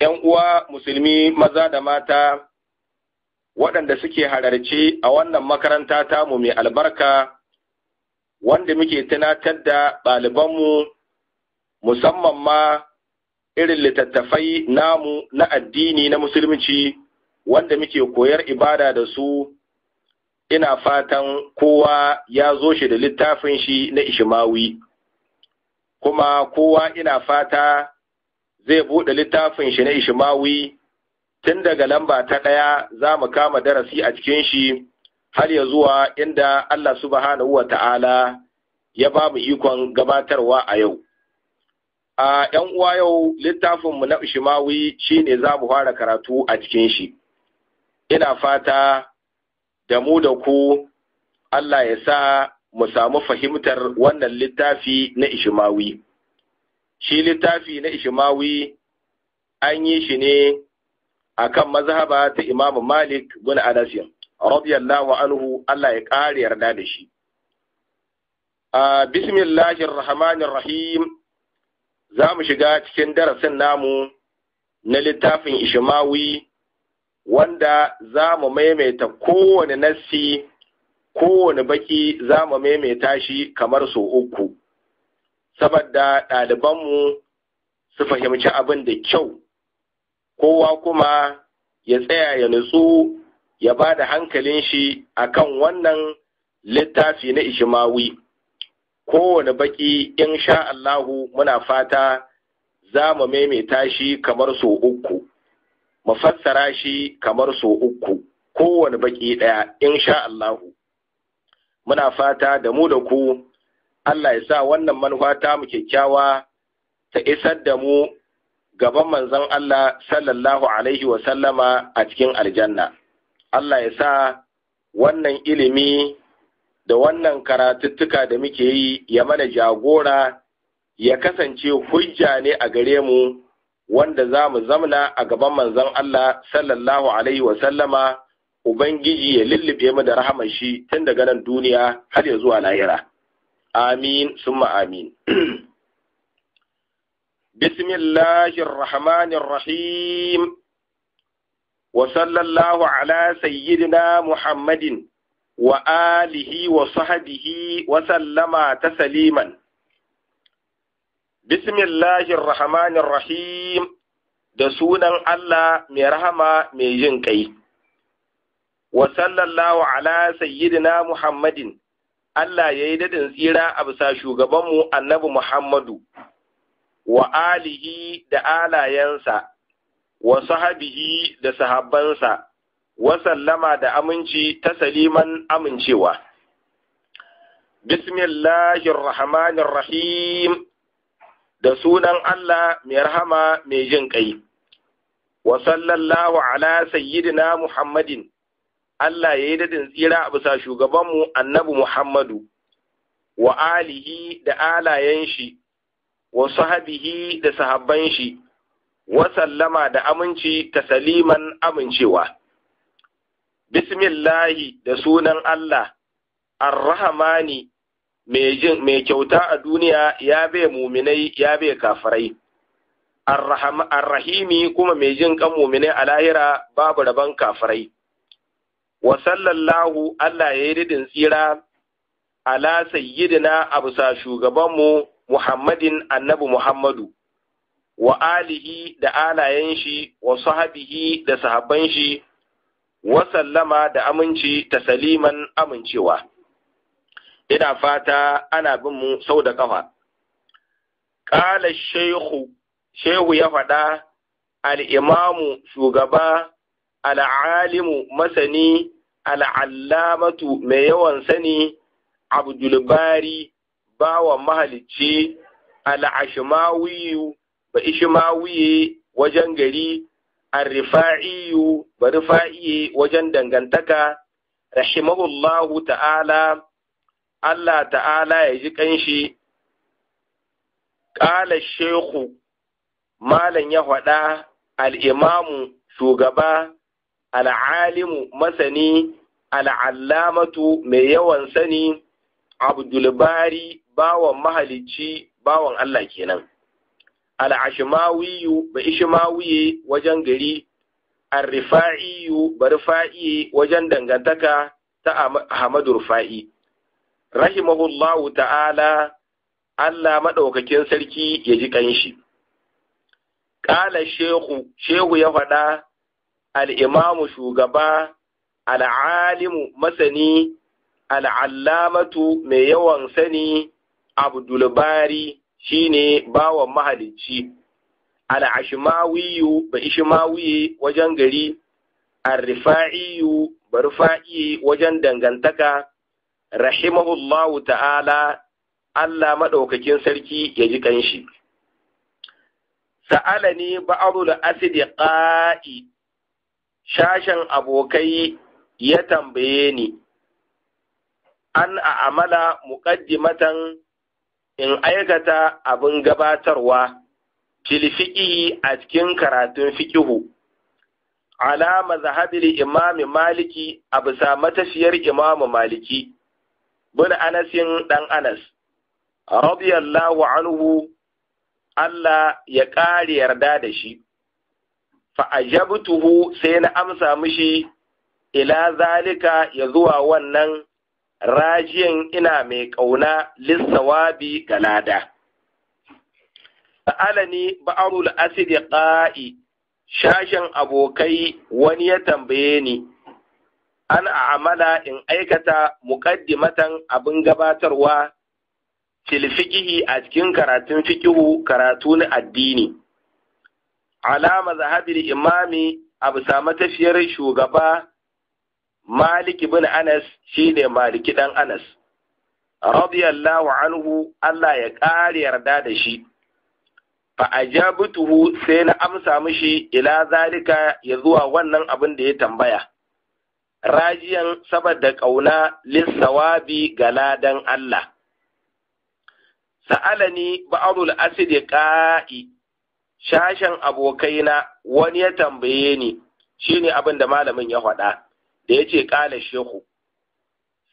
‘yan uwa musulmi maza da mata waɗanda suke halarci a wannan makaranta tamu mai albarka wanda muke tunatar da ɗalibanmu musamman ma irin littattafai namu na addini na musulunci wanda muke koyar ibada da su ina fatan kowa ya zo shi da littafin shi na ishimawi kuma kowa ina fata zai buɗe littafin shi na Ishmawi tun daga lamba ta ɗaya za mu kama darasi a cikin shi har ya zuwa inda Allah subhanahu wa ta'ala ya ba mu ikon gabatarwa a yau. A ‘yan uwa yau littafinmu na Ishmawi shi ne za mu fara karatu a cikin shi. Ina fata da mu da ku Allah ya sa mu samu fahimtar wannan littafi na Ishmawi. shi littafi na Ishimawi an yi shi ne a kan mazhaba ta Imam Malik bin Anas radiyallahu anhu Allah ya ƙari yarda da shi bismillahir rahmanir rahim za mu shiga cikin darasin namu na littafin Ishimawi wanda za mu maimaita kowane nassi kowane baki za mu maimaita shi kamar su uku saboda ɗalibanmu su fahimci abin da kyau kowa kuma ya tsaya ya nutsu ya ba da hankalin shi akan wannan littafi na ishimawi kowane baki in sha Allahu muna fata za mu maimaita shi kamar so uku mu fassara shi kamar so uku kowane baki ɗaya in sha Allahu muna fata da mu da ku Allah ya sa wannan manufa ta mu kyakkyawa ta isar da mu gaban manzon Allah sallallahu alaihi wa sallama a cikin aljanna Allah ya sa wannan ilimi da wannan karatuttuka da muke yi ya mana jagora ya kasance hujja ne a gare mu wanda za mu zamna a gaban manzon Allah sallallahu alaihi wa sallama Ubangiji ya lullube mu da rahamar shi tun daga nan duniya har ya zuwa lahira. amin summa amin bismillahir rahmanir rahim wa ala sayyidina muhammadin wa alihi wa sahbihi wa sallama tasliman bismillahir rahmanir rahim da sunan Allah mai rahama mai jin kai wa sallallahu ala sayyidina Muhammadin Allah ya yi daɗin tsira a bisa shugabanmu annabi Muhammadu, wa alihi da alayensa, wa sahabihi da sahabbansa, wa sallama da aminci ta saliman amincewa. Bismillahirrahmanirrahim da sunan Allah mai rahama mai jin ƙai, wa sallallahu ala sayyidina Muhammadin. Allah ya yi dadin tsira a bisa shugabanmu annabi Muhammadu wa alihi da alayen shi wa sahabihi da sahabban shi wa sallama da aminci ta saliman amincewa bismillahi da sunan Allah arrahmani mai kyauta a duniya ya bai muminai ya bai kafirai arrahimi kuma mai jin kan muminai a lahira babu rabon kafirai wa sallallahu Allah ya yi didin tsira ala sayyidina abusa shugabanmu Muhammadin annabi Muhammadu wa alihi da alayen shi wa sahabihi da sahabban shi wa sallama da aminci ta saliman amincewa ina fata ana bin mu sau da kafa qala shehu shehu ya faɗa al-imamu shugaba al'alimu masani al'allamatu mai yawan sani abdulbari bawa mahalicci al'ashimawiyu ba ishimawiye wajen gari arrifa'iyu ba rifa'iye wajen dangantaka rahimahullahu ta'ala Allah ta'ala ya ji ƙanshi ƙala shehu malam ya faɗa al'imamu shugaba al'alimu masani al'allamatu mai yawan sani abdulbari bawan mahalicci bawan Allah kenan al'ashimawiyu ba ishimawiye wajen gari arrifa'iyu ba rifa'iye wajen dangantaka ta Ahmadu Rufa'i rahimahullahu ta'ala Allah maɗaukakin sarki ya ji ƙanshi. Ƙala shehu, shehu ya faɗa al'imamu shugaba, al'alimu masani, al'allamatu mai yawan sani, Abdulbari shi ne bawan mahalicci, al'ashimawiyu ba ishimawiyi wajen gari, arrifa'iyu ba rufa'i wajen dangantaka, rahimahullahu ta'ala, Allah maɗaukakin sarki ya ji ƙanshi. Sa'ala ne ba'arul asidi ƙa'i Sashen abokai ya tambaye ni an a amala muƙaddimatan in aikata abin gabatarwa filfiƙi a cikin karatun fiƙihu Alama mazhabil imami maliki a bisa matashiyar imamu maliki bin anasin ɗan anas radiyallahu anhu Allah ya ƙari yarda da shi fa ajabtuhu sai na amsa mishi ila zalika ya zuwa wannan rajiyan ina mai kauna lissawabi ga lada sa'alani ba'arul asidi qa'i shashin abokai wani ya tambaye ni an amala in aikata muqaddimatan abin gabatarwa fil a cikin karatun fiqihu karatu na addini alama zahabir imami abu samu tafiyar shugaba Maliki bin Anas shine Maliki dan Anas radiyallahu anhu Allah ya ƙare yarda da shi fa ajabtuhu sai na amsa mishi ila zalika ya zuwa wannan abin da ya tambaya rajiyan saboda kauna lissawabi ga ladan Allah sa'alani ba'arul asidi qa'i shashen abokaina wani ya tambaye ni shine abin da malamin ya faɗa da ya ce ƙala shehu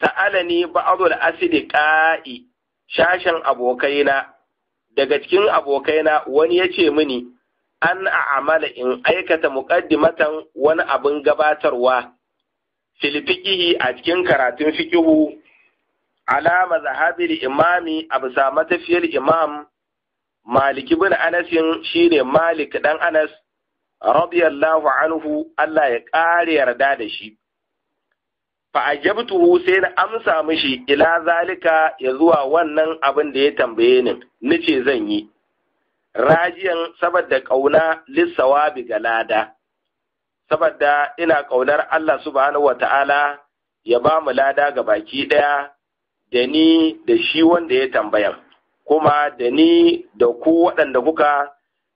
sa'alani ba'adul asidi ƙa'i shashen abokaina daga cikin abokaina wani ya ce mini an amala in aikata muƙaddimatan wani abin gabatarwa filfiƙihi a cikin karatun fiƙihu alama zahabir imami a bisa matafiyar imam Malik ibn Anas shine Malik dan Anas radiyallahu anhu Allah ya ƙare yarda da shi fa ajabtuhu sai na amsa mishi ila zalika ya zuwa wannan abin da ya tambaye ni nace zan yi rajiyan saboda kauna lissawabi ga lada saboda ina kaunar Allah subhanahu wataala ya ba mu lada ga baki daya da ni da shi wanda ya tambayar. kuma da ni da ku waɗanda kuka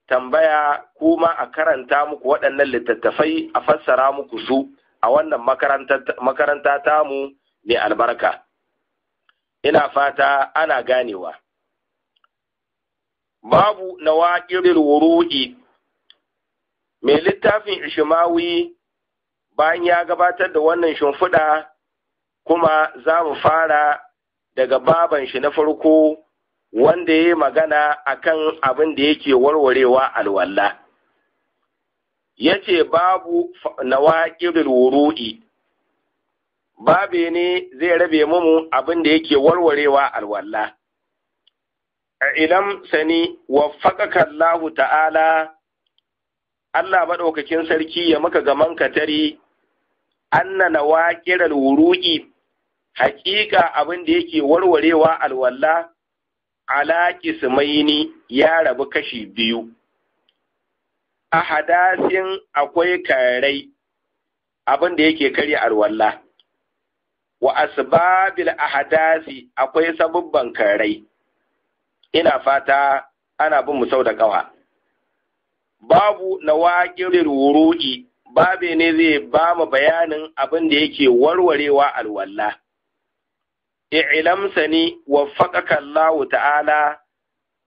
tambaya kuma a karanta muku waɗannan littattafai a fassara muku su a wannan makaranta tamu mai albarka. Ina fata ana ganewa. Babu na waƙirin wuru'i, mai littafin Ishimawi bayan ya gabatar da wannan shimfiɗa kuma za mu fara daga baban shi na farko wanda ya yi magana akan abin da yake warwarewa alwalla ya ce babu nawaƙirul wuru'i babe ne zai rabe mumu abin da yake warwarewa alwalla idan sani waffaqaka Allahu ta'ala Allah maɗaukakin sarki ya maka gaman katari anna nawaqiral wuru'i haƙiƙa abin da yake warwarewa alwalla ala kismaini ya rabu kashi biyu a hadasin akwai karai abin da yake karya alwalla wa asbabil ahadasi akwai sabubban karai ina fata ana bin mu sau da kawa babu na waƙirin wuru'i babe ne zai ba mu bayanin abin da yake warwarewa alwalla i'lam sani waffaqaka Allah ta'ala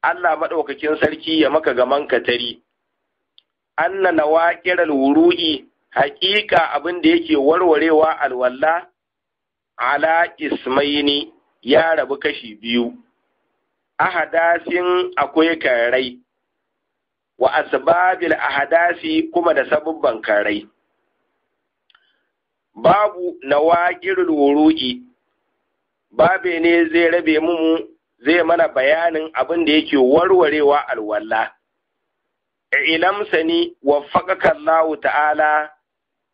Allah madaukakin sarki ya maka gaman tari anna nawaqiral wuru'i haƙiƙa abin da yake warwarewa alwalla ala ismaini ya rabu kashi biyu ahadasin akwai karai wa asbabil ahadasi kuma da sabubban karai babu nawaqirul wuru'i babe ne zai rabe mu zai mana bayanin abin da yake warwarewa alwala e, ilam sani waffaqaka lawu ta'ala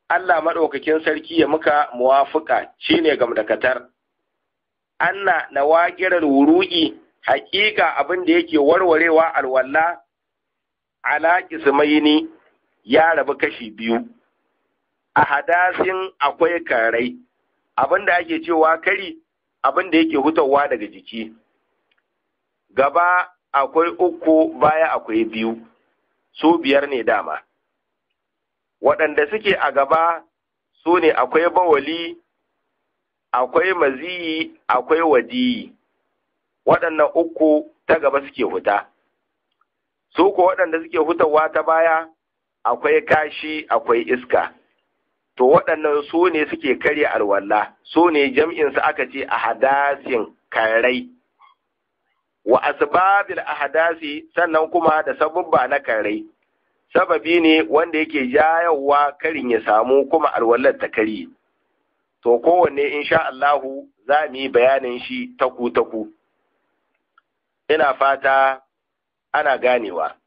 Allah maɗaukakin sarki ya muka muwafuka shi ne gamdakatar anna waƙirar wuru'i haƙiƙa abin da yake warwarewa alwala ala kismaini ya rabu kashi biyu a hadasin akwai karai abin da ake cewa kari abin da yake hutawa daga jiki gaba akwai uku baya akwai biyu su biyar ne dama waɗanda suke a gaba su ne akwai bawali akwai maziyi akwai wadiyi waɗannan uku ta gaba suke huta su ko waɗanda suke hutawa ta baya akwai kashi akwai iska to waɗannan su ne suke karya alwala su ne jam'insu aka ce a hadasin karai wa asbabil ahdasi sannan kuma da sabubba na karai sababi ne wanda yake jayawa karin ya samu kuma alwallar ta kari to kowanne insha Allahu za mu yi bayanin shi taku taku ina fata ana ganewa